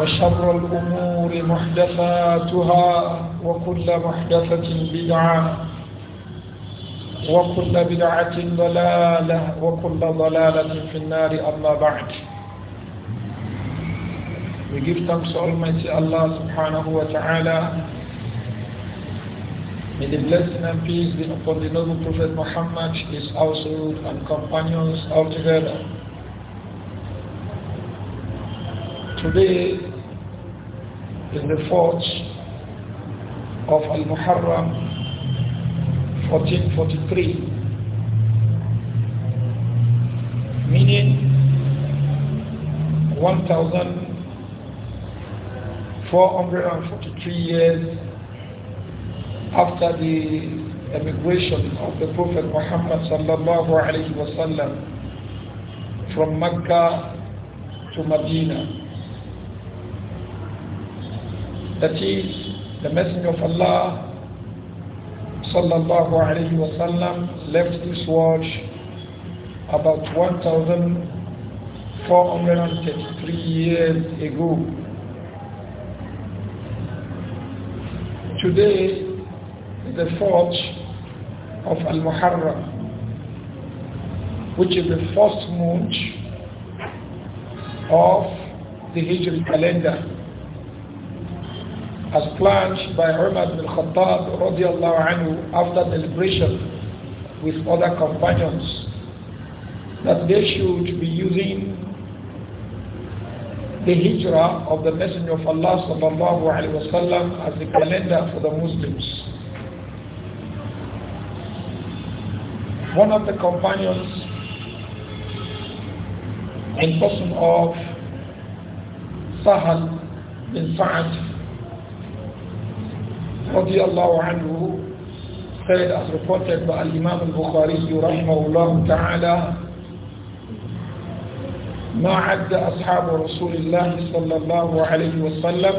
وشر الأمور محدثاتها وكل محدثة بدعة وكل بدعة ضلالة وكل ضلالة في النار أما بعد We give thanks to Almighty Allah subhanahu wa ta'ala. May the blessing and peace be upon the noble Prophet Muhammad, his household and companions all together. Today in the fourth of Al-Muharram 1443 meaning 1443 years after the emigration of the Prophet Muhammad sallallahu alayhi wasallam from Mecca to Medina that is, the Messenger of Allah sallallahu alayhi wasallam left this watch about 1,433 years ago. Today is the 4th of Al-Muharram, which is the first month of the Hijri calendar as planned by Umar ibn khattab radiallahu anhu after the liberation with other companions that they should be using the hijrah of the Messenger of Allah sallallahu wa wasallam as the calendar for the Muslims. One of the companions in person of Sahal bin Sa'ad رضي الله عنه said as reported by البخاري رحمه الله تعالى ما عد أصحاب رسول الله صلى الله عليه وسلم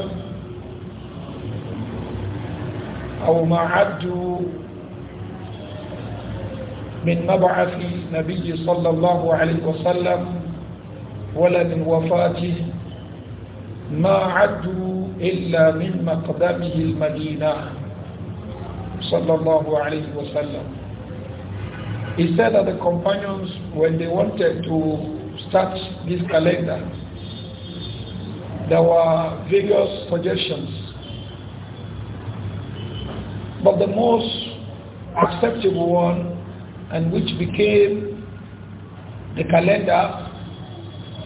أو ما عدوا من مبعث النبي صلى الله عليه وسلم ولا من وفاته ما عدوا إلا من مقدمه المدينة صلى الله عليه وسلم he said that the companions, when they wanted to start this calendar, there were various suggestions. But the most acceptable one, and which became the calendar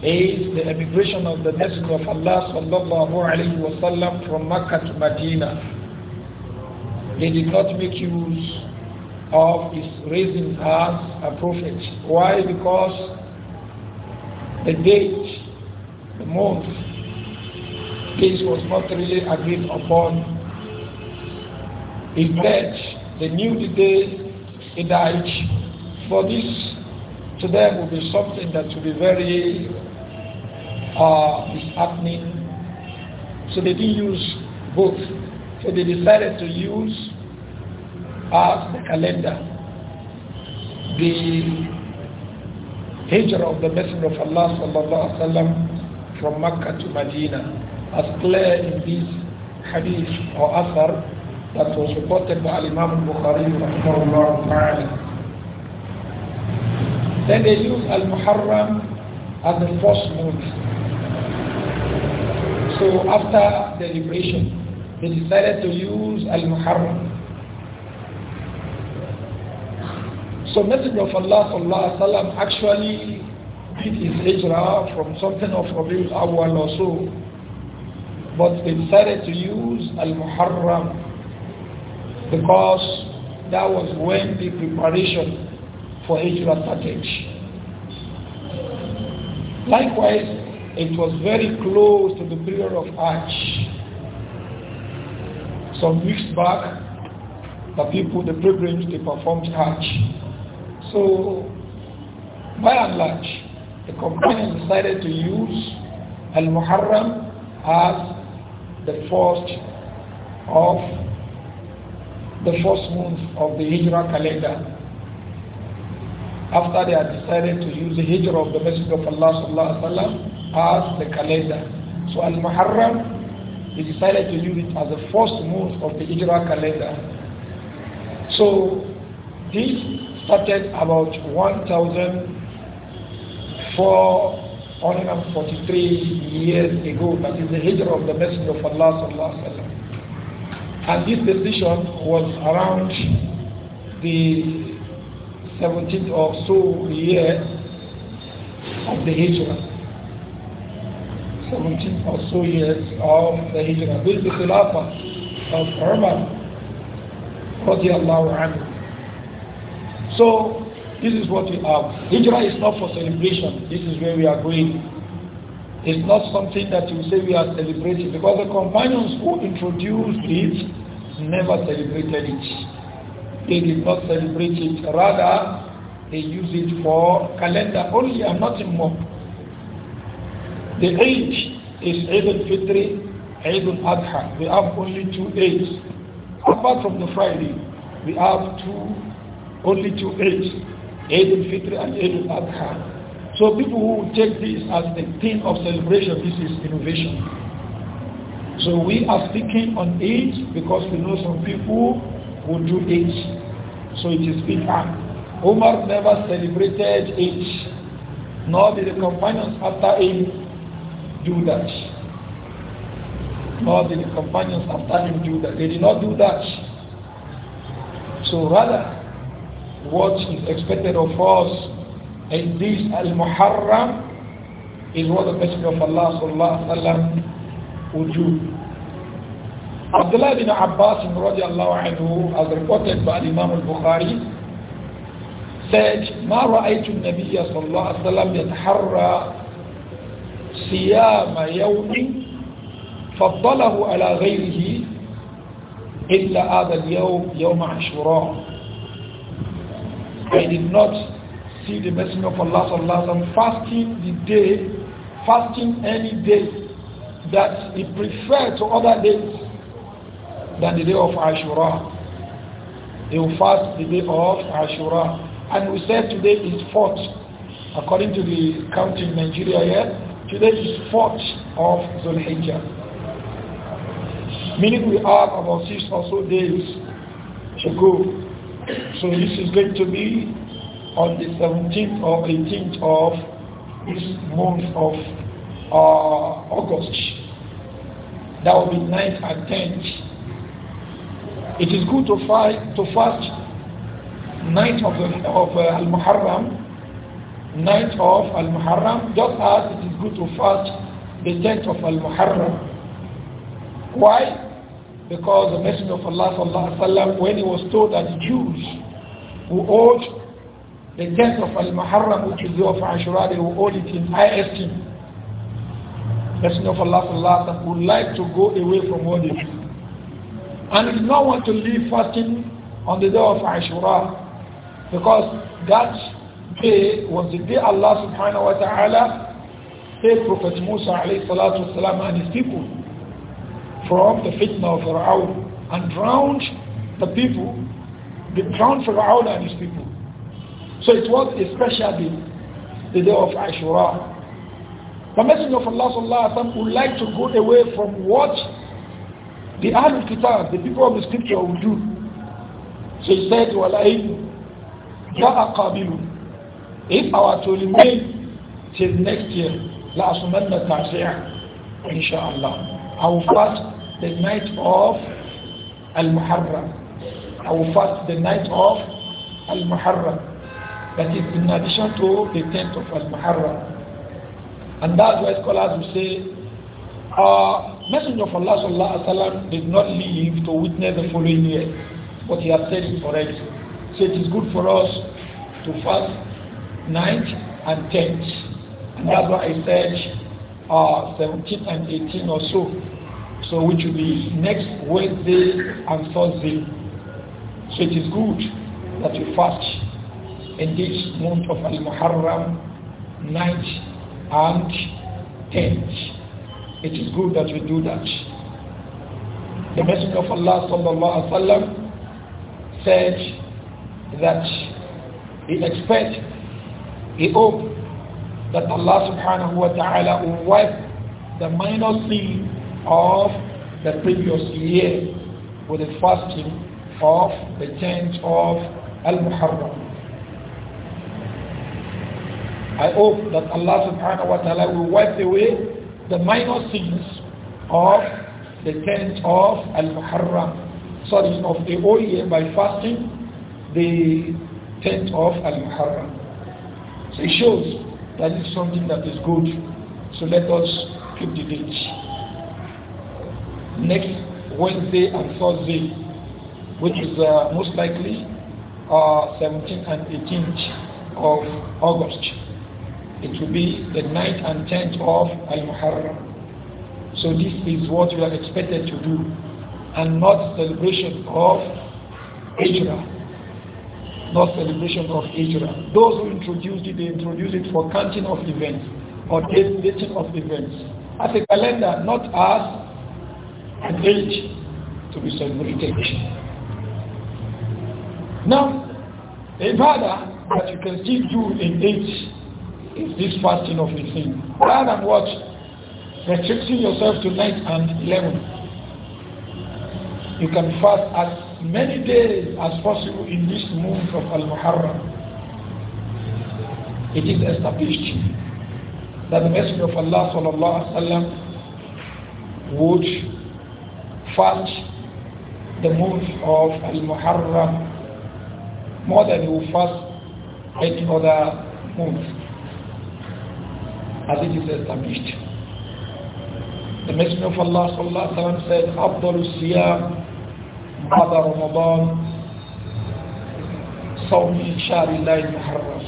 is the emigration of the Messenger of Allah sallallahu alayhi wasallam from Mecca to Medina. They did not make use of his raising as a prophet. Why? Because the date, the month, this was not really agreed upon. In fact, they knew the day he died. For this to them would be something that would be very uh, is happening. So they didn't use both. So they decided to use as the calendar the hijrah of the Messenger of Allah sallallahu alaihi wasallam from Mecca to Medina as clear in this hadith or asar that was reported by Imam Bukhari Then they use Al-Muharram as the first month so after deliberation, they decided to use Al-Muharram. So Messenger of Allah sallallahu actually did his hijrah from something of Rabiul Awwal or so, but they decided to use Al-Muharram because that was when the preparation for hijrah started. Likewise, it was very close to the period of Hajj. Some weeks back, the people, the pilgrims, they performed Hajj. So, by and large, the companion decided to use Al-Muharram as the first of the first month of the Hijrah calendar. After they had decided to use the Hijrah of the Messenger of Allah sallallahu alaihi wasallam as the calendar. So Al-Muharram, he decided to use it as the first month of the Hijra calendar. So this started about 1,443 years ago, that is the Hijra of the Messenger of Allah sallallahu alaihi wasallam. And this decision was around the 17th or so year of the Hijra. 17 or so years of the Hijrah with the Khilafah of Umar radiallahu anhu. So this is what we have. Hijrah is not for celebration. This is where we are going. It's not something that you say we are celebrating because the companions who introduced it never celebrated it. They did not celebrate it. Rather, they use it for calendar only and nothing more. The Eid is Eid al-Fitri, Eid al-Adha. We have only two Eids. Apart from the Friday, we have two, only two Eids, Eid al-Fitri and Eid al-Adha. So people who take this as the thing of celebration, this is innovation. So we are speaking on Eid because we know some people who do Eid. So it is big. Umar never celebrated Eid, nor did the companions after him do that. Nor did the companions after him do that. They did not do that. So rather, what is expected of us in this Al-Muharram is what the Messenger of Allah sallallahu alaihi wasallam would do. Abdullah bin Abbas radiallahu anhu, as reported by Imam al-Bukhari, said, ما رأيت النبي صلى الله عليه وسلم يتحرى صيام يوم فضله على غيره إلا هذا اليوم يوم عاشوراء I did not see the Messenger of Allah sallallahu fasting the day, fasting any day that he preferred to other days than the day of Ashura. He will fast the day of Ashura. And we said today is fourth, according to the counting in Nigeria here, Today is 4th of Zulhijjah. Meaning we have about six or so days to go. So this is going to be on the 17th or 18th of this month of uh, August. That will be 9th and 10th. It is good to, fight, to fast night of, of uh, Al-Muharram night of Al-Muharram, just as it is good to fast the 10th of Al-Muharram. Why? Because the Messenger of Allah sallallahu alaihi wasallam, when he was told that the Jews who owed the 10th of Al-Muharram, which is the of Ashura, they will hold it in high esteem. Messenger of Allah sallallahu alaihi wasallam would like to go away from what they do. And he did not want to leave fasting on the day of Ashura because that day was the day Allah subhanahu wa ta'ala saved Prophet Musa alayhi salatu wasalam and his people from the fitna of Fir'aun and drowned the people, they drowned Fir'aun and his people. So it was a special day, the day of Ashura. The Messenger of Allah sallallahu alayhi wa would like to go away from what the Ahlul Kitab, the people of the scripture would do. So he said, وَلَئِنْ جَاءَ قَابِلٌ if I were to remain till next year, لَأَصُمَنَّ تَعْسِعَ Insha'Allah, I will fast the night of Al-Muharram. I will fast the night of Al-Muharram. That is in addition to the 10th of Al-Muharram. And that's why scholars will say, uh, Messenger of Allah sallallahu alaihi wasallam did not leave to witness the following year, but he has said it already. So it is good for us to fast ninth and tenth. And that's why I said uh, 17th and 18th or so. So which will be next Wednesday and Thursday. So it is good that we fast in this month of Al-Muharram, ninth and tenth. It is good that we do that. The Messenger of Allah sallallahu alaihi wasallam said that he expects he hoped that Allah subhanahu wa ta'ala will wipe the minor sin of the previous year with the fasting of the change of Al-Muharram. I hope that Allah subhanahu wa ta'ala will wipe away the minor sins of the tenth of Al-Muharram. Sorry, of the whole year by fasting the tenth of Al-Muharram. So it shows that is something that is good. So let us keep the date. Next Wednesday and Thursday, which is uh, most likely uh, 17th and 18th of August. It will be the 9th and 10th of Al-Muharram. So this is what we are expected to do and not celebration of Hijrah not celebration of Hijrah. Those who introduced it, they introduced it for counting of events or dating of events. As a calendar, not as an age to be celebrated. Now, a ibadah that you can still do in age is this fasting of the thing. Rather than what? Restricting yourself to 9 and 11. You can fast at many days as possible in this month of Al-Muharram. It is established that the Messenger of Allah sallallahu alaihi wasallam would fast the month of Al-Muharram more than he would fast any other month as it is established. The Messenger of Allah sallallahu alaihi wasallam said, "Abdul Siyam هذا رمضان صوم شهر الله المحرم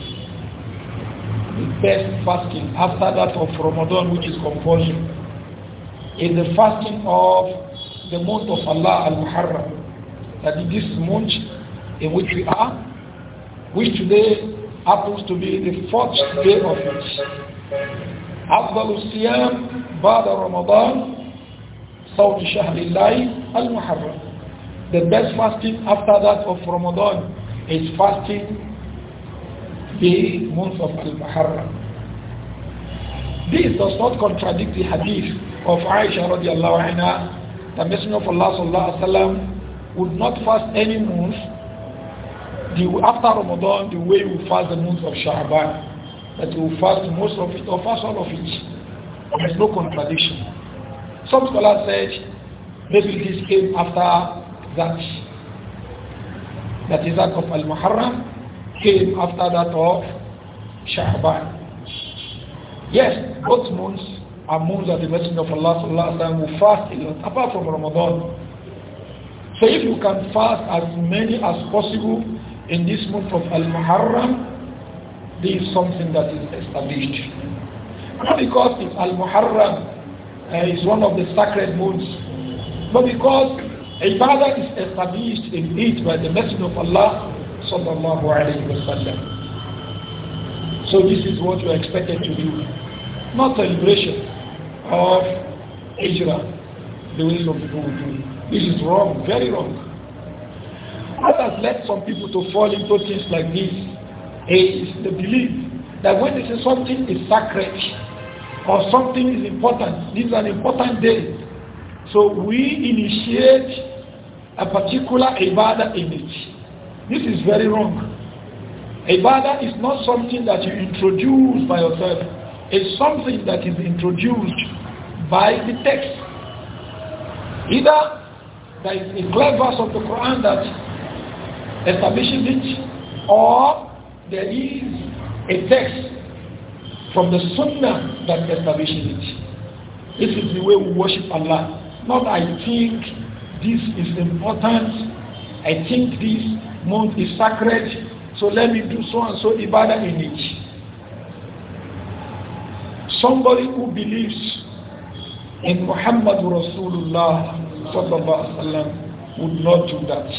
the best fasting after that of Ramadan which is compulsory is the fasting of the month of Allah al-Muharram that is this month in which we are which today happens to be the fourth day of it أفضل الصيام Ba'da رمضان Saudi شهر al-Muharram. The best fasting after that of Ramadan is fasting the month of Al-Muharram. This does not contradict the hadith of Aisha radiallahu anha. The Messenger of Allah sallallahu alaihi wasallam would not fast any month the, after Ramadan the way we fast the month of Sha'ban. That we fast most of it or fast all of it. There is no contradiction. Some scholars said maybe this came after that. That is that of Al-Muharram came after that of Sha'ban. Yes, both months are months that the Messenger of Allah sallallahu alaihi fast a lot, apart from Ramadan. So if you can fast as many as possible in this month of Al-Muharram, this is something that is established. Not because it's Al-Muharram uh, is one of the sacred months, but because Ibadah is established in it by the Messenger of Allah sallallahu alayhi wa So this is what you are expected to do. Not celebration of Ijra, the will of the will This is wrong, very wrong. What has led some people to fall into things like this is the belief that when they say something is sacred or something is important, this is an important day. So we initiate a particular ibadah in it. This is very wrong. Ibadah is not something that you introduce by yourself. It's something that is introduced by the text. Either there is a clear verse of the Quran that establishes it, or there is a text from the Sunnah that establishes it. This is the way we worship Allah. Not I think, this is important. I think this month is sacred, so let me do so and so ibadah in it. Somebody who believes in Muhammad Rasulullah sallam, would not do that.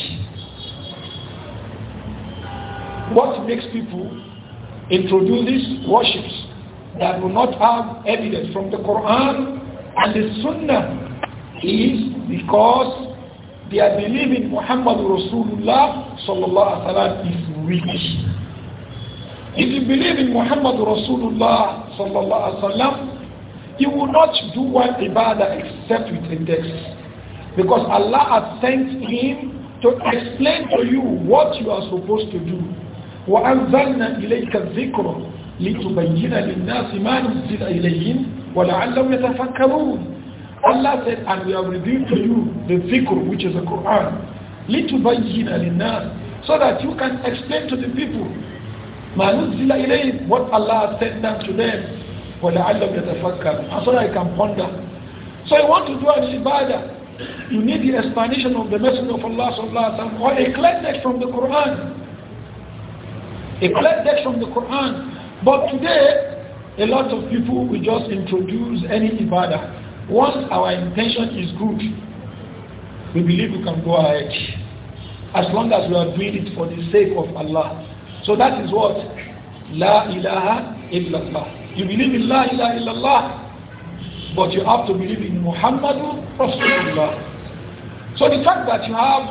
What makes people introduce these worships that will not have evidence from the Quran and the Sunnah is because you believe in Muhammad Rasulullah sallallahu alaihi wasallam is weak. If you believe in Muhammad Rasulullah sallallahu alaihi wasallam, you will not do one ibadah except with index, because Allah has sent him to explain to you what you are supposed to do. وأنزلنا إليك الذكر لتبين للناس ما نزل إليهم ولعلهم يتفكرون Allah said, and we have revealed to you the zikr, which is the Quran, لِتُبَيِّنَ لِلنَّاسِ So that you can explain to the people What Allah has sent down to them وَلَعَلَّمْ يَتَفَكَّرُ And so that I can ponder. So I want to do an ibadah. You need the explanation of the Messenger of Allah sallallahu alaihi wasallam or a clear text from the Quran. A clear text from the Quran. But today, a lot of people will just introduce any ibadah once our intention is good, we believe we can go ahead. As long as we are doing it for the sake of Allah. So that is what La ilaha illallah. You believe in La ilaha illallah, but you have to believe in Muhammadu Rasulullah. So the fact that you have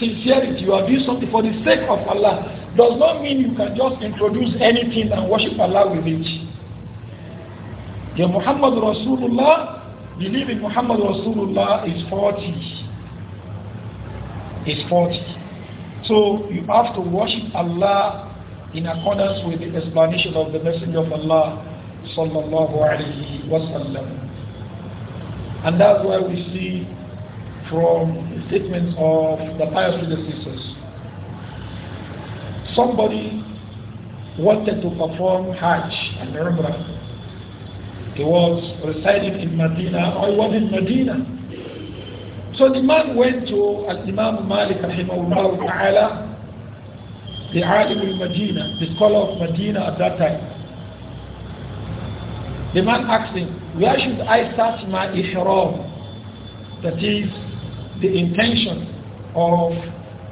sincerity, you are doing something for the sake of Allah, does not mean you can just introduce anything and worship Allah with it. The Muhammad Rasulullah Believe in Muhammad Rasulullah is 40. Is 40. So you have to worship Allah in accordance with the explanation of the Messenger of Allah sallallahu alaihi wasallam. And that's why we see from statements of the pious predecessors. Somebody wanted to perform Hajj and Umrah he was residing in Medina or he was in Medina. So the man went to Al-Imam Malik rahimahullah ta'ala, the Alim medina the scholar of Medina at that time. The man asked him, where should I start my ihram? That is the intention of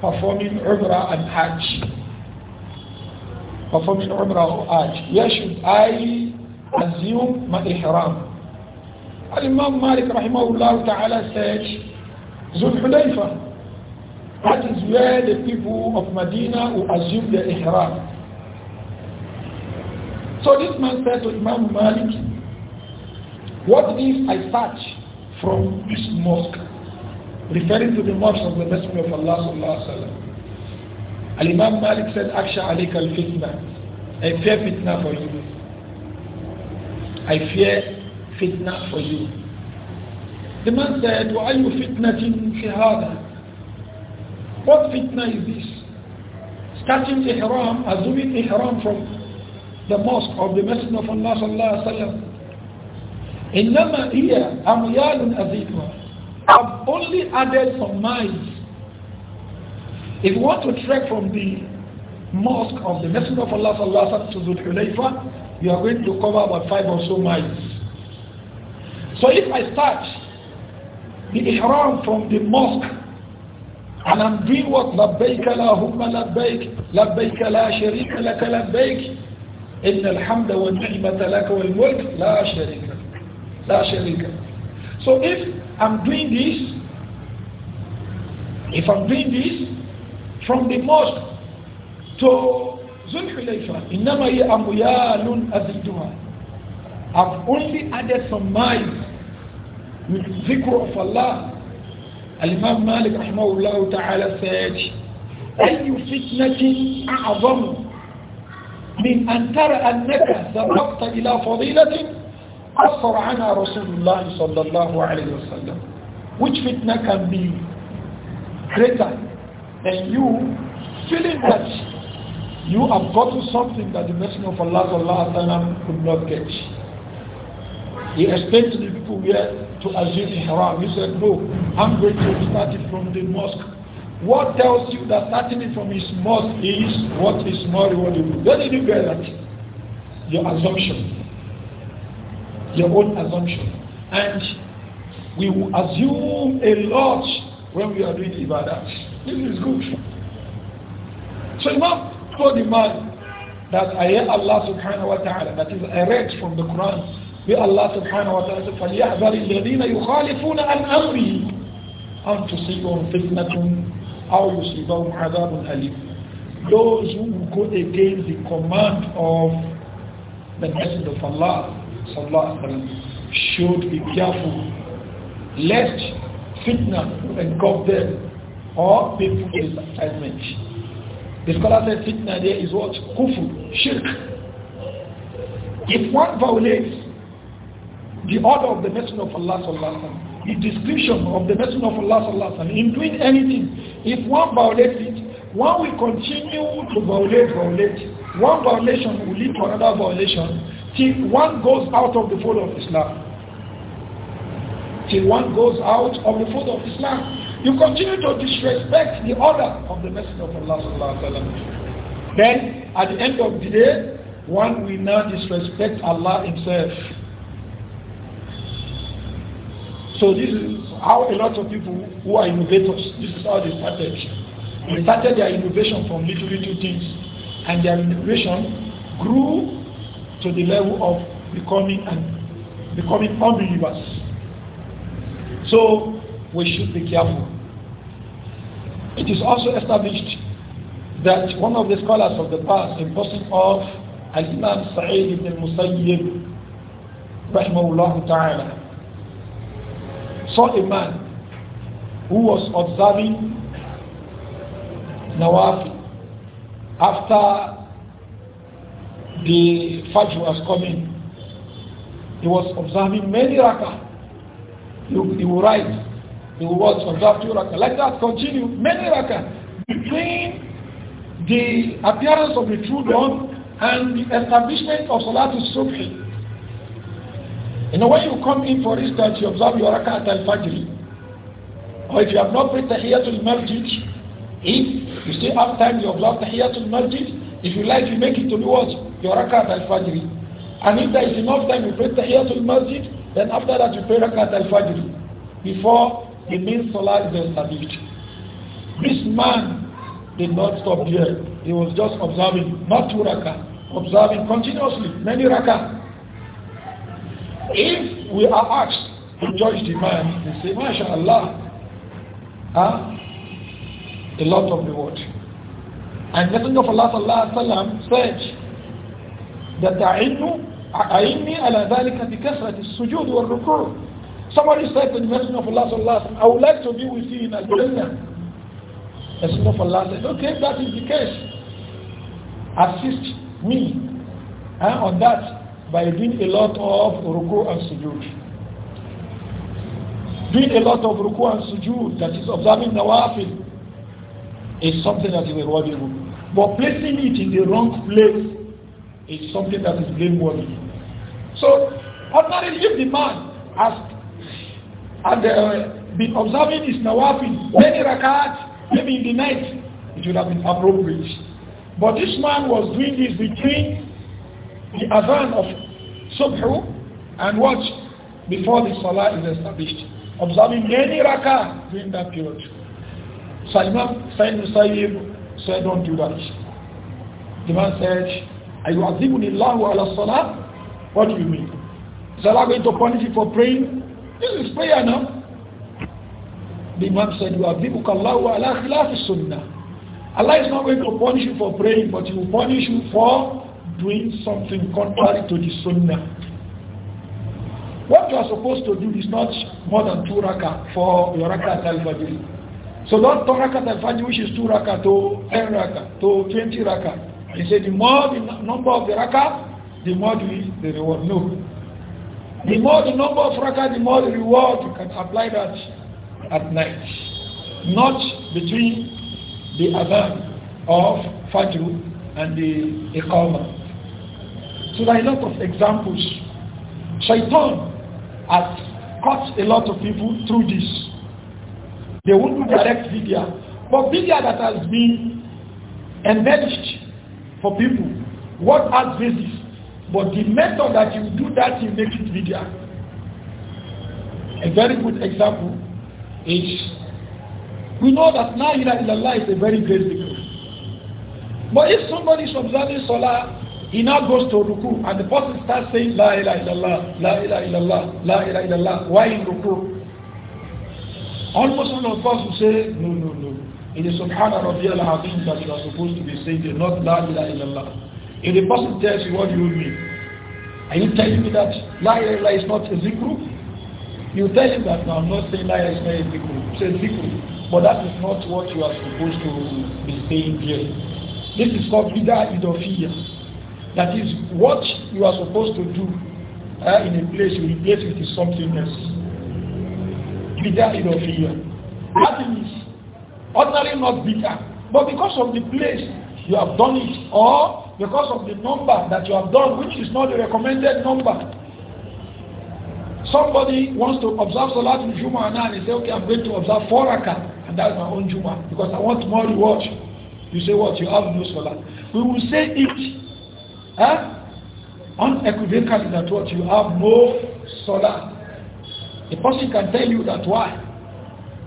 performing Umrah and Hajj. Performing Umrah or Hajj. Where should I الزيوم ما Al الإمام مالك رحمه الله تعالى سيج ذو الحليفة is زيادة the people of Medina will assume So this man said to Imam Malik, what if I search from this mosque, referring to the mosque of the Messenger of Allah sallallahu alaihi wasallam? Al Imam Malik said, "Aksha alayka al fitna, a fear fitna for you." I fear fitna for you. The man said, Why you fitnating fihada? What fitna is this? Starting the haram, assuming haram from the mosque of the Messenger of Allah sallallahu alaihi wasallam. إنما هي اميال أذيكها I've only added some miles. If you want to trek from the mosque of the Messenger of Allah sallallahu alaihi wasallam to Dhul you are going to cover about five or so miles. So if I start the ihram from the mosque and I'm doing what لبيك اللهم لبيك لبيك لا شريك لك لبيك إن الحمد والنعمة لك والملك لا شريك لا شريك So if I'm doing this, if I'm doing this from the mosque to زلح ليشان إنما هي أميال أزيدها I've only added some miles with ذكر of Allah الإمام مالك رحمه الله تعالى said أي فتنة أعظم من أن ترى أنك سبقت إلى فضيلة أصر عنها رسول الله صلى الله عليه وسلم which fitna can be greater than you feeling that you have gotten something that the Messenger of Allah sallam, could not get. He explained to the people where to assume haram. He said, No, I'm going to start it from the mosque. What tells you that starting it from his mosque is what is more rewarding? Where did you get that? Your assumption. Your own assumption. And we will assume a lot when we are doing ibadah. This is good. So Imam told the man that I Allah subhanahu wa ta'ala, that is I read from the Quran, be Allah subhanahu wa ta'ala said, فَلْيَحْذَرِ الَّذِينَ يُخَالِفُونَ عَنْ أَمْرِهِ أَنْ تُصِيبُهُمْ فِتْنَةٌ أَوْ يُصِيبَهُمْ عَذَابٌ أَلِيمٌ Those who go against the command of the Messenger of Allah sallallahu alayhi should be careful lest fitna engulf them or painful excitement. The scholar said fitna there is what? Kufr, shirk. If one violates the order of the Messenger of Allah sallallahu the description of the Messenger of Allah sallallahu in doing anything, if one violates it, one will continue to violate, violate. One violation will lead to another violation till one goes out of the fold of Islam. Till one goes out of the fold of Islam. You continue to disrespect the order of the Messenger of Allah Then at the end of the day, one will now disrespect Allah himself. So this is how a lot of people who are innovators, this is how they started. They started their innovation from little little things and their innovation grew to the level of becoming and becoming unbelievers. So we should be careful. It is also established that one of the scholars of the past, in person of Al-Imam Sa'id ibn musayyib rahimahullah ta'ala, saw a man who was observing Nawafi after the Fajr was coming. He was observing many rakah. He, he would write. The words of for that few rakah. Like that, continue many rakah between the appearance of the true dawn and the establishment of Salatul Subh. You know, when you come in, for instance, you observe your rakah al-Fajr, or if you have not prayed Tahiyatul Masjid, if you still have time, you observe Tahiyatul Masjid, if you like, you make it to the what? Your rakah al-Fajr. And if there is enough time, you pray Tahiyatul Masjid, then after that you pray rakah al-Fajr before he means salah is established. This man did not stop here. He was just observing, not two observing continuously, many raka. If we are asked to judge the man, we say, MashaAllah, huh? Ah, a lot of reward. And Messenger of Allah sallallahu alayhi wa sallam said, that أعني على ذلك بكثرة السجود والركوع Somebody said the invention of Allah, Allah I would like to be with you in Algeria. The Messenger of Allah said, okay, that is the case. Assist me on that by doing a lot of ruku and sujood. Doing a lot of ruku and sujood, that is observing nawafil, is something that is rewarding. But placing it in the wrong place is something that is blameworthy. So, ordinarily, if the man has had uh, been observing his nawafil, many rakat, maybe in the night, it would have been appropriate. But this man was doing this between the adhan of subhu and watch Before the salah is established. Observing many rakat during that period. So Imam Sayyid said, don't do that. The man said, are you azibun illahu ala salah? What do you mean? Is Allah going to punish you for praying? This is prayer now. The Imam said, You have people Allah ala sunnah. Allah is not going to punish you for praying, but he will punish you for doing something contrary to the sunnah. What you are supposed to do is not more than two raka for your rakat al-fajr. So not two rakat al-fajr, which is two raka to ten raka to twenty raka. He said, the more the number of the raka, the more the, the reward. No. The more the number of rakah, the more the reward. You can apply that at night. Not between the adhan of Fajr and the Iqamah. So there are a lot of examples. Shaitan has caught a lot of people through this. They won't do direct video. But video that has been embellished for people, what has basis? But the method that you do that, you make it video. A very good example is we know that La ilaha illallah is a very great zikr. But if somebody is observing Salah, he now goes to Ruku and the person starts saying La ilaha illallah, La ilaha illallah, La ilaha illallah, why in Ruku? Almost all of us will say, no, no, no. In the Subhanallah Azim that you are supposed to be saying, not La ilaha illallah. If the person tells you, what you mean? Are you telling me that liar is not a zikru? You tell him that, now, I'm not saying liar is not a zikru. It's a zikru. But that is not what you are supposed to be saying here. This is called Bida Idofia. That is what you are supposed to do uh, in a place, you replace it with something else. Bida Idofia. That is ordinarily not bitter. But because of the place, you have done it or because of the number that you have done, which is not the recommended number. Somebody wants to observe Salat in Juma and they say, okay, I'm going to observe four rakah, and that's my own Juma, because I want more reward. You say what? You have no Salat. We will say it huh? Eh? unequivocally that what you have no Salat. The person can tell you that why.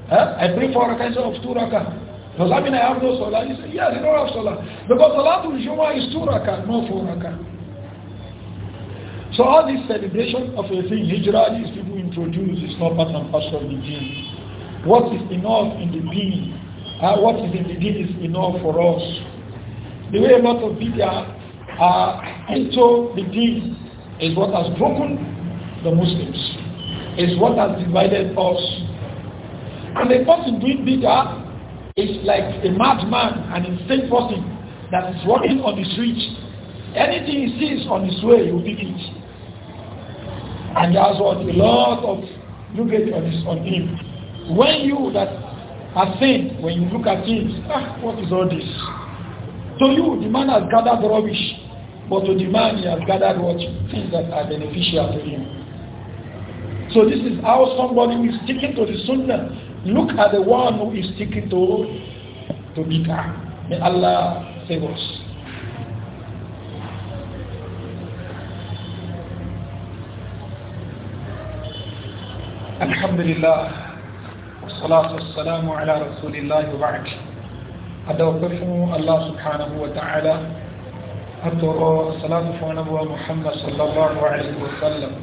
Huh? Eh? I pray four rakah instead of two rakah. Does that mean I have no salah? He said, yes, you don't have salah. Because Salatul Jumu'ah is two rakah, not four rakah. So all this celebration of a thing, hijrah, these people introduce, is not part and parcel of the deen. What is enough in the deen, uh, what is in the deen is enough for us. The way a lot of people are, are into the deen is what has broken the Muslims, is what has divided us. And the person doing bigger it's like a madman, an insane person that is walking on the street. Anything he sees on his way, he will pick it. And that's what a lot of look at on, his, on him. When you that are seen, when you look at things, ah, what is all this? To you, the man has gathered rubbish, but to the man he has gathered what? Things that are beneficial to him. So this is how somebody who is sticking to the sunnah Look at the one who is sticking to to nikah. May Allah save us. الحمد لله والصلاة والسلام على رسول الله وبعد أدوقف الله سبحانه وتعالى أدوى الصلاة والسلام على محمد صلى الله عليه وسلم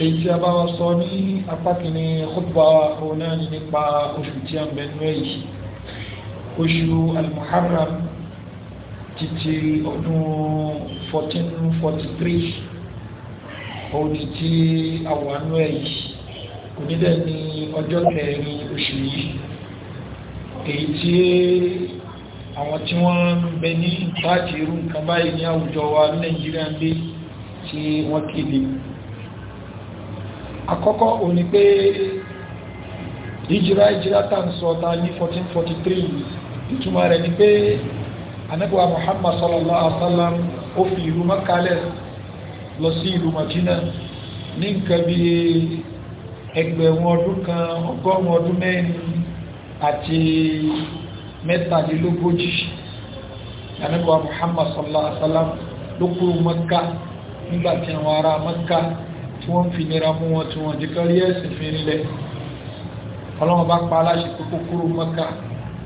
èyí tí a bá wá sọ ní apá kìíní khutba òun náà ní nípa oṣù tí a ń bẹ nú èyí oṣù al-muharram títí ọdún 1443 òun ni tí a wà nú èyí onídẹ̀ ní ọjọ́ kẹrin oṣù yìí èyí tí àwọn tí wọ́n ń bẹ ní báàkì irú nǹkan báyìí ní àwùjọ wa ní nàìjíríà ń gbé tí wọ́n kéde àkọ́kọ́ ò ní pé ìjìrá ìjìrá tá ń sọ ta ní 1443 ìtumọ̀ rẹ̀ ni pé anábíwá Muhammad sallallahu alaihi wa sallam ó fi ìlú mọ́kálẹ̀ lọ sí ìlú Madina ní nǹkan bí ẹgbẹ̀rún ọdún kan ọgọ́rùn-ún ọdún mẹ́rin àti mẹ́tàlélógójì anábíwá Muhammad sallallahu alaihi wa sallam ló kúrò Mẹ́kà nígbà tí àwọn ará Mẹ́kà tí wọ́n fi nira mú wọn tí wọ́n jẹ́ kárí ẹ̀sìn fi rinlẹ̀ ọlọ́wọ́n bá pa aláṣẹ kókó kúrò mọ́ká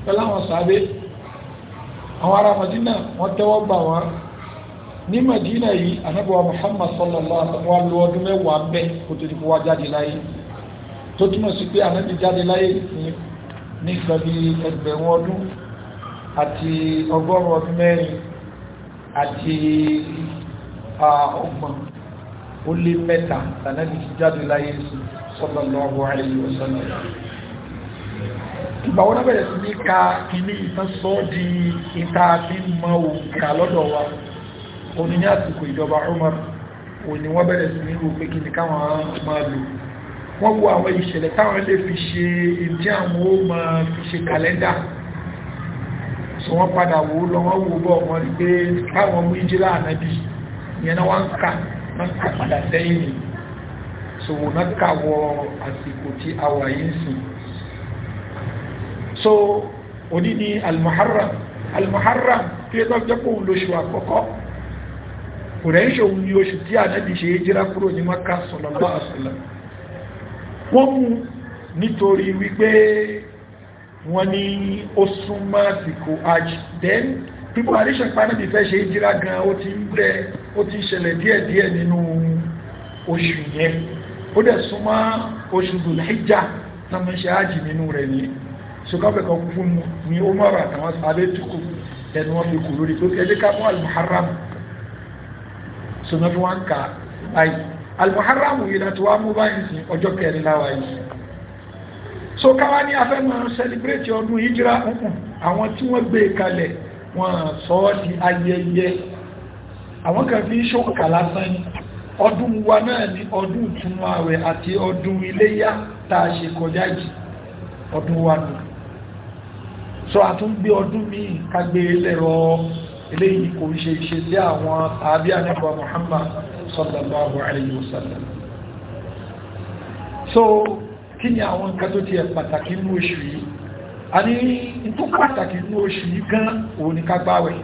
pẹ̀lú àwọn sábẹ́ àwọn ará madina wọ́n tẹ́wọ́ gbà wọ́n ní madina yìí anábọ̀wá muhammad sallallahu alaihi wa lu ọdún mẹ́wàá bẹ́ kó tó ti kó wá jáde láyé tó túmọ̀ sí pé anábì jáde láyé ní nǹkan bí ẹgbẹ̀rún ọdún àti ọgọ́rùn-ún ọdún mẹ́rin àti ọgbọ̀n ó lé mẹ́ta tànàbí ti jáde láyé sí sallallahu alaihi wasallam ìgbà wọn bẹ̀rẹ̀ sí ní ka kìíní ìtàn sọ di ìta àti mọ òkà lọ́dọ̀ wa òní ní àsìkò ìjọba Umar òní wọ́n bẹ̀rẹ̀ sí ní òpé kìíní káwọn máa lò wọ́n wo àwọn ìṣẹ̀lẹ̀ táwọn lè fi ṣe ìdí àwọn ó máa fi ṣe kàlẹ́ndà so wọ́n padà wò lọ wọ́n wò bọ́ wọn rí pé káwọn mú ìjìlá ànábì ìyẹn náà wọ́n ń kà wọ́n kà padà sẹ́yìn ni so wọ́n náà kà wọ àsìkò tí a wà yìí ń so òní ni al-muharram al-muharram kí ló jẹ́ kó ń lóṣù àkọ́kọ́ kò rẹ̀ ń ṣòun ní oṣù tí ànábì ṣe é jíra kúrò ní maka sallallahu alaihi wasallam wọ́n mú nítorí wípé wọ́n ní ó súnmọ́ àsìkò hajj then pípọ̀ àríṣẹ́ pánàbí fẹ́ ṣe ìjírá gan ó ti ń rẹ ó ti ṣẹlẹ̀ díẹ̀díẹ̀ nínú oṣù yẹn ó dẹ̀ súnmọ́ oṣù dùlẹ́jà náà mọ́ nínú rẹ̀ ní ṣùgbọ́n fún ni ó mọ́ra àtàwọn sàbẹ́ tukù ẹnu wọn fi kù lórí pé ẹdí ká mọ́ almuharram ṣùgbọ́n wọn kà báyìí almuharram yìí láti wá so káwa ní afẹ́ máa celebrate ọdún hijira àwọn tí wọ́n gbé kalẹ̀ wọ́n sọ ọ́ di ayẹyẹ àwọn kan fi ń ṣòkà lásán ni ọdún wa náà ni ọdún ìtúnú ààwẹ̀ àti ọdún iléyá tá a ṣe kọjá yìí ọdún wa nù sọ àtúngbé ọdún míì kágbé lẹ́rọ eléyìí kò ṣe ṣe sí àwọn àbí àníbà Muhammad sallallahu alayhi wa sallam so kí ni àwọn nǹkan tó ti ẹ̀ pàtàkì mú a ní tó pàtàkì ní oṣù yìí gan òun ni ká gbáwẹ̀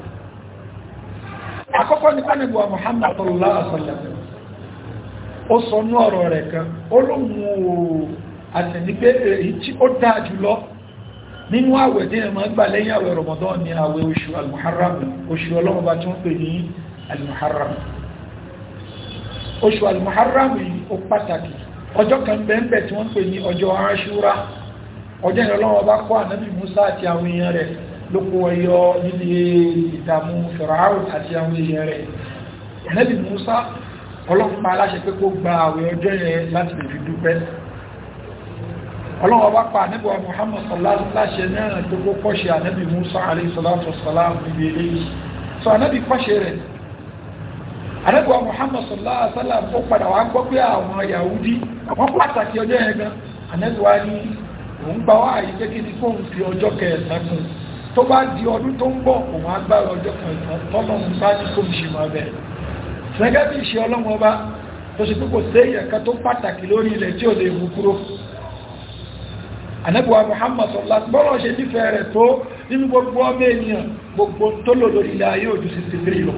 àkọ́kọ́ ní pánìbùwà Muhammad sallallahu alaihi wasallam ó sọ ní ọ̀rọ̀ rẹ̀ kan ó lóhun o àti ní pé èyí tí ó dáa jùlọ nínú àwẹ̀ tí ẹ̀mọ́ gbà lẹ́yìn àwẹ̀ Ramadan ọjọ́ kan bẹ́ẹ̀ tí wọ́n pè ní ọjọ́ Ashura ọjọ́ ìrìn ọlọ́wọ́ bá kọ́ ànábì Musa àti àwọn èèyàn rẹ̀ ló kó ọyọ níbi ìdààmú Fáráò àti àwọn èèyàn rẹ̀ ànábì Musa ọlọ́pàá aláṣẹ pé kó gba àwẹ̀ ọjọ́ yẹn láti lè fi dúpẹ́ ọlọ́wọ́ bá pa ànábì wa Muhammad sallallahu láṣẹ náà tó kó kọ́ṣe ànábì Musa alayhi salatu wassalam níbi eléyìí so ànábì kọ́ṣe rẹ̀ ànábì wa Muhammad sallallahu alayhi ó padà wá gbọ́ pé àwọn Yahudi àwọn pàtàkì ọjọ́ yẹn gan ànábì wa ní òun gba wá àyè pé kí ni fóun fi ọjọ́ kẹsàn-án kún tó bá di ọdún tó ń bọ̀ òun agbára ọjọ́ kẹsàn-án tọ́lọ́run bá ní kó ṣe máa bẹ̀ gẹ́gẹ́ bí ìṣe ọlọ́run ọba tó ṣe pé kò séèyàn kan tó pàtàkì lórí ilẹ̀ tí ò lè mú kúrò ànẹ́bùwà Muhammad sọ̀lá bọ́lọ̀ ṣe nífẹ̀ẹ́ rẹ̀ tó nínú gbogbo ọmọ ènìyàn gbogbo tó lò lórí ilẹ̀ ayé òjú 63 lọ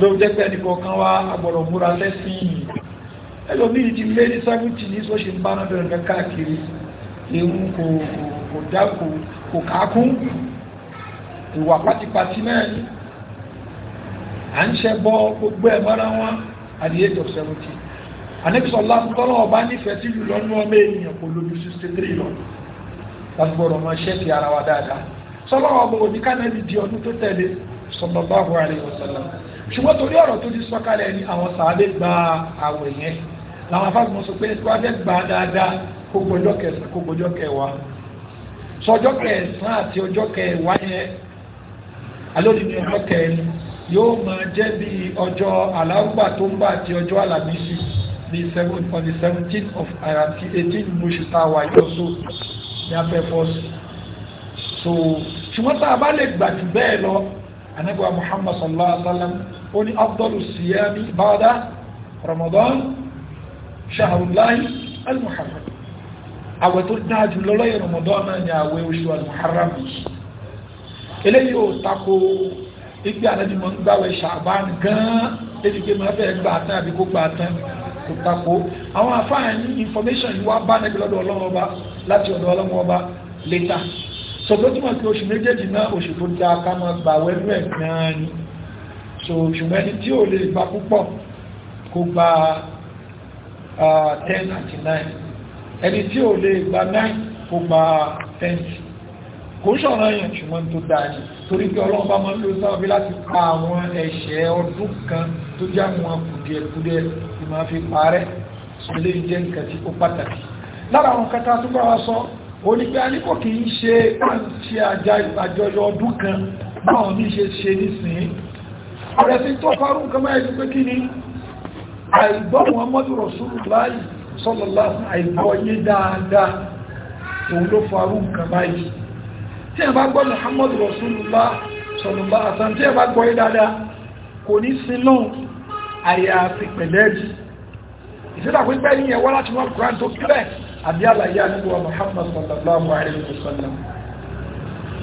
lóòjẹ́gbẹ́ nìkan kan wá agbọ̀rọ̀ múra lẹ́sìn ẹlòmíì ti lé ní sábùtì ní sọ ṣe ń bá náà bẹ̀rẹ̀ káàkiri irun kò kò dá kò kò kákún ìwà pátipátí náà ni à ń ṣe bọ gbogbo ẹ̀ mọ́ra wọn at the age of seventy anẹ́bísọ̀lá tọ́lọ́ ọba nífẹ̀ẹ́ sí jù lọ́nú ọmọ èèyàn kò lójú sixty three lọ láti gbọ́dọ̀ máa ṣẹ́ẹ̀kì ara wa dáadáa sọ́lọ́ ọmọ òníkànnẹ́bí di ọdún tó tẹ̀lé sallallahu alaihi wasallam ṣùgbọ́n torí ọ̀rọ̀ tó ti sọ́kalẹ̀ ni àwọn sàádé gba àwẹ̀ yẹn làwọn afáàgbọ̀n sọ pé wájẹ́ gba dáadáa kó gbọjọ́ kẹsàn-án kó gbọjọ́ kẹwàá sọjọ́ kẹsàn-án àti ọjọ́ kẹwàá yẹn alóòdìní ọjọ́ kẹrin yóò máa jẹ́ bí ọjọ́ alágbà tó ń bà àti ọjọ́ alámísì ní seven on the seventeen of eh, àti eighteen oṣù tá a wà yóò so ní abẹ́ fọ́ọ̀sì so ṣùgbọ́n tá a bá lè gbà bẹ́ẹ̀ lọ ànábì wa muhammad sallallahu alaihi wa sallam ó ní afdalu siyami bada ramadan shahrulahi al-muharram àwẹ̀ tó dáa jù lọ lẹ́yìn ramadan náà ni àwẹ̀ oṣù al-muharram yìí eléyìí ò tako igbe ànábì mọ̀ ń gbàwẹ̀ ṣàbán gan-an lébi pé máa fẹ́ gbà tán àbí kó gbà tán kò tako àwọn information yìí wá bá ànábì lọ́dọ̀ ọlọ́wọ́ ọba láti ọ̀dọ̀ later so tó túnmọ̀ sí oṣù méjèèjì náà oṣù tó dáa ká máa gbà wẹ́lú ẹ̀ náà ni so ṣùgbọ́n ẹni tí ò lè gba púpọ̀ kó gba ten àti nine ẹni tí ò lè gba nine kó gba ten kò ṣọ̀rọ̀ yẹn ṣùgbọ́n tó dáa ni torí pé ọlọ́run bá máa ń lo sáwọn bí láti pa àwọn ẹ̀ṣẹ̀ ọdún kan tó jẹ́ àwọn kùdìẹ̀kùdìẹ̀ tí máa fi parẹ́ so eléyìí nǹkan tí ó pàtàkì lára àwọn kẹta tó bá wa sọ onígbé anípò kì í ṣe ṣe àjọyọ̀ ọdún kan báwọn ní ṣe ṣe nísìnyí ọ̀rẹ́ sí tó farún kan máa ẹ̀sùn pé kí ni àìgbọ́ Muhammadu Rasulullahi sallallahu àìgbọ́ yé dáadáa òun ló farún kan báyìí tí ẹ bá gbọ́ Muhammadu Rasulullah sallallahu àtàn tí ẹ bá gbọ́ yé dáadáa kò ní sínú àyàfi pẹ̀lẹ́rì ìsẹ́dàpínpẹ́ yìí ẹ̀wọ́ láti wọ́n kúrán tó kílẹ̀ àbí àlàyé àdúgbò Muhammad sallallahu alayhi wa sallam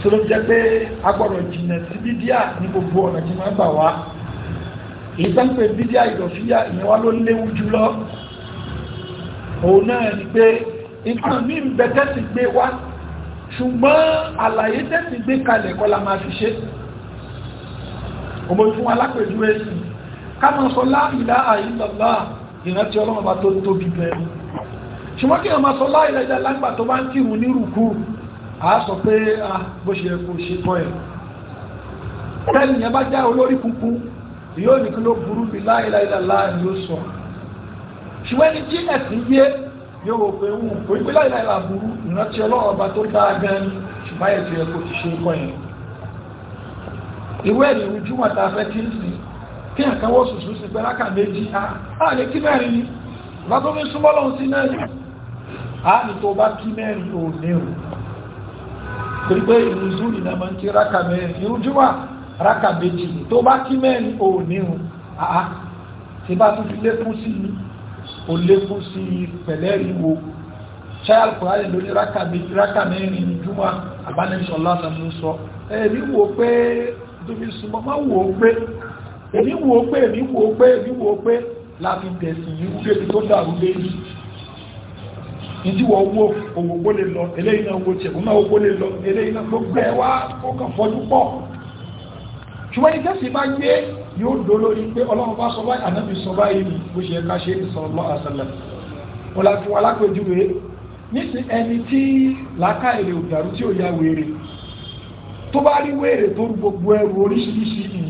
tó ló jẹ́ pé a gbọ́dọ̀ jìnnà sí bídíà ní gbogbo ọ̀nà tí wọ́n gbà wá èyí tó ń pè bídíà ìdọ̀fíà ìyẹn wá ló léwu jùlọ òun náà ni pé nǹkan mí ń bẹ tẹ́sí gbé wá ṣùgbọ́n àlàyé tẹ́sí gbé kalẹ̀ kọ́ la máa fi ṣe òmò fún alápèjúwe sí ká máa sọ la ilaha ìrántí ọlọ́mọba tó tóbi bẹ̀rù ṣùgbọ́n kí ọmọ sọ láìlẹ́jà lágbà tó bá ń kírù ní rùkú a sọ pé a ah, bó ṣe kò ṣe tọ́ ẹ̀ tẹ́lì yẹn bá já olórí kúkú yóò nìkan ló burú bí láìláìlá ni ó sọ ṣùgbọ́n ní tí ẹ̀sìn yé yóò wò pé wù hmm, kò gbé láìláìlá burú ìrántí ọlọ́run ọba tó dáa gan ni ṣùgbọ́n ẹ̀sìn yẹn kò ti ṣe tọ́ ẹ̀ ìwé ẹ̀rí ojú wọn ta fẹ́ kí n sìn kí ẹ̀kan wọ́n sùsù sí pẹ́ láka méjì á ah, lè kí mẹ́rin ni bàbá mi súnmọ́ lọ́hùn sí náà àmì tó bá kí mẹ́rin ò nírun torí pé ìrun zuri náà máa ń kí rákà mẹ́rin ìrun júmà rákà méjì ni tó bá kí mẹ́rin ò nírun àá tí bá tún fi lékún sí i ò lékún sí i pẹ̀lẹ́ rí child prayer lórí rákà mẹ́rin ní júmà àbánẹ́sọ̀lá sàmú sọ ẹ̀rí wo pé tó fi súnmọ́ máa wò ó pé èmi wò ó pé èmi wò ó pé èmi wò ó pé láti tẹ̀sìn yìí wúdé tó dàrú lé yìí ìdíwọ̀ owó owó kó lè lọ eléyìí náà owó tiẹ̀ náà owó lè lọ eléyìí náà gbogbo ẹ̀ wá ó kàn fọdún pọ̀ ṣùgbọ́n ní tẹ́sí bá gbé yóò dó lórí pé ọlọ́run bá sọ báyìí ànábì sọ báyìí ni bó ṣe ká ṣe sallallahu alaihi wasallam wọn la fi wọn alápèjúwe nísìn ẹni tí làákà èrè òdàrú tí ò ya wèrè tó bá rí wèrè tó gbogbo ẹrù oríṣiríṣi ni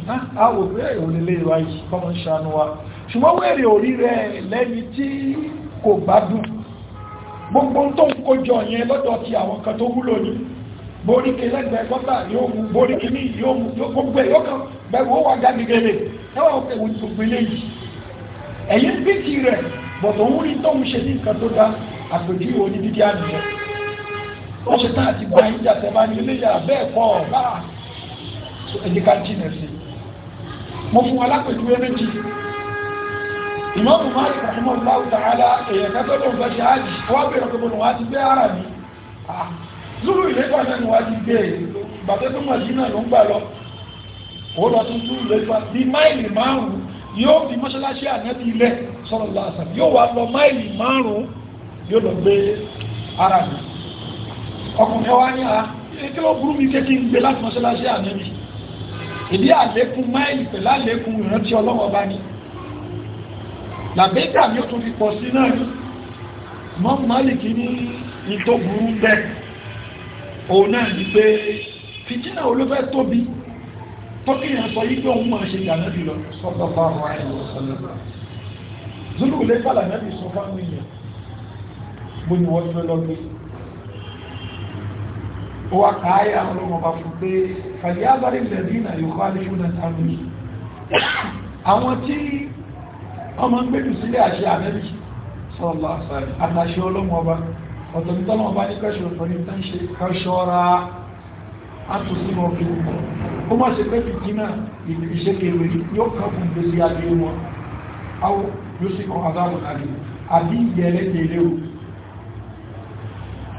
á wò pé òun lè wáyé kọ́mọ ṣàánú wa ṣùgbọ́n wèrè orí rẹ̀ lẹ́ni tí kò gbádùn gbogbo tó ń kójọ yẹn lọ́dọ̀ ti àwọn kan tó wúlò ní boríke lẹ́gbẹ̀ẹ́ gọ́tà yóò mú boríke ní yóò mú gbogbo ẹ̀ yọkàn bẹ̀rù ó wà gàdìgẹ̀lẹ̀ ẹwà òkè wò gbogbo eléyìí ẹ̀yìn bí ti rẹ̀ bọ̀dọ̀ ń rí tó ń ṣe ní nǹkan tó dá àpèjì òní dídí àdìyẹ ó ṣe tá àti gba ìjà tẹ̀má ní iléyà bẹ́ẹ̀ kọ́ ọ̀ bá ẹ̀díkà jìnà ìmọ̀mù Malik rahimahullahu ta'ala èèyàn kẹ́kọ̀ọ́ ló ń bẹ́ ṣe ájì wọ́n bèèrè pé mo wá ti gbé ara mi lúrù ilé ìgbà náà ni e. wá ọkùnrin wa ní a kí ló mi ṣe kí gbé láti mọ́ṣáláṣí ànábì ìdí àlékún máìlì pẹ̀lú àlékún ìrántí ọlọ́wọ́ bá ní làbẹ́gà ni ó tún fi pọ̀ sí náà mọ́mù máàlìkì ní ìtò burú bẹ́ òun náà ni pé fìtínà olófẹ́ tóbi tọ́kìyàn sọ yí pé òun máa ṣe ìyànà jùlọ sọ́pọ̀pọ̀ zulu lè fà lànà bí sọ fáwọn èèyàn bó ni wọ́n fẹ́ lọ́gbẹ́ ó wá káyà ọlọ́mọba fún pé fàyà ọmọ gbẹ́dù sílé àṣẹ àmẹ́bí sọ́ọ̀lá sáré àtàṣẹ ọlọ́mọba ọ̀tọ̀mítọ́lọ́mọba ní kẹ́ṣọ òfin tó ń ṣe kẹ́ṣọ́ra átùsímọ̀ òfin mọ́ ó má ṣe pé fìtínà ìṣẹ́kẹ̀wé yóò kọ́kùn gbèsè àdé wọn áwọ̀ yóò sì kọ́ adáàbò àdé àbí ìyẹ̀lẹ́gbẹ̀lẹ́ o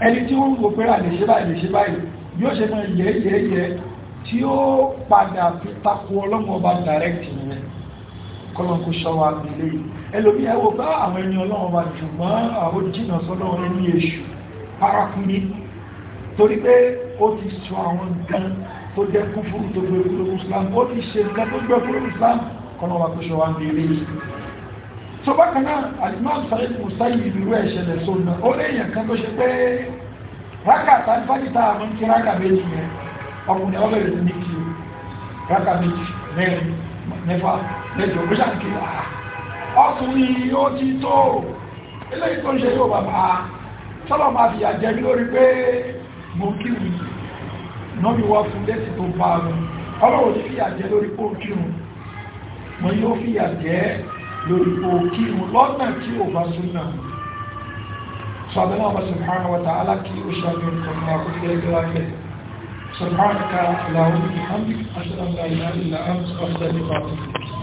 ẹni tí wọ́n ń wò pé àlèṣe báyìí lèṣe báyìí yóò ṣe mọ́ yẹ̀yẹ̀yẹ tí ó padà fi takò ọlọ́mọba direct yẹn kọ́lọ́n kó ṣọ́wà nílé ẹlòmí ẹwọ bá àwọn ẹni ọlọ́run wa jùgbọ́n àwọn jìnà sọ́lọ́run ẹni èṣù parakuni torí pé ó ti sọ àwọn nǹkan tó jẹ́ kúfúrú tó islam ó ti ṣe nǹkan tó gbé kúrò islam kọ́lọ́n wa kó ṣọ́wà nílé tó bákan náà alimam sa'id musayi ìlú ẹ̀ṣẹ̀lẹ̀ sọ́nà ó léèyàn kan tó ṣe pé rákà tàbí fájìtà àwọn lẹ́jọ́ bó ṣàkíkì wà ọkùnrin ó ti tó eléyìí tó ń ṣe yóò bàbá sọ́lọ̀ máa fi àjẹ́ mi lórí pé mo kírun náà mi wá fún lẹ́sì tó bá rùn ọlọ́run ní fi àjẹ́ lórí pé ó kírun mo yóò fi àjẹ́ lórí pé ó kírun lọ́nà tí ò bá súnà صادنا الله سبحانه وتعالى كي أشهد كما قلت لك سبحانك اللهم وبحمدك أشهد أن لا إله إلا أنت أستغفرك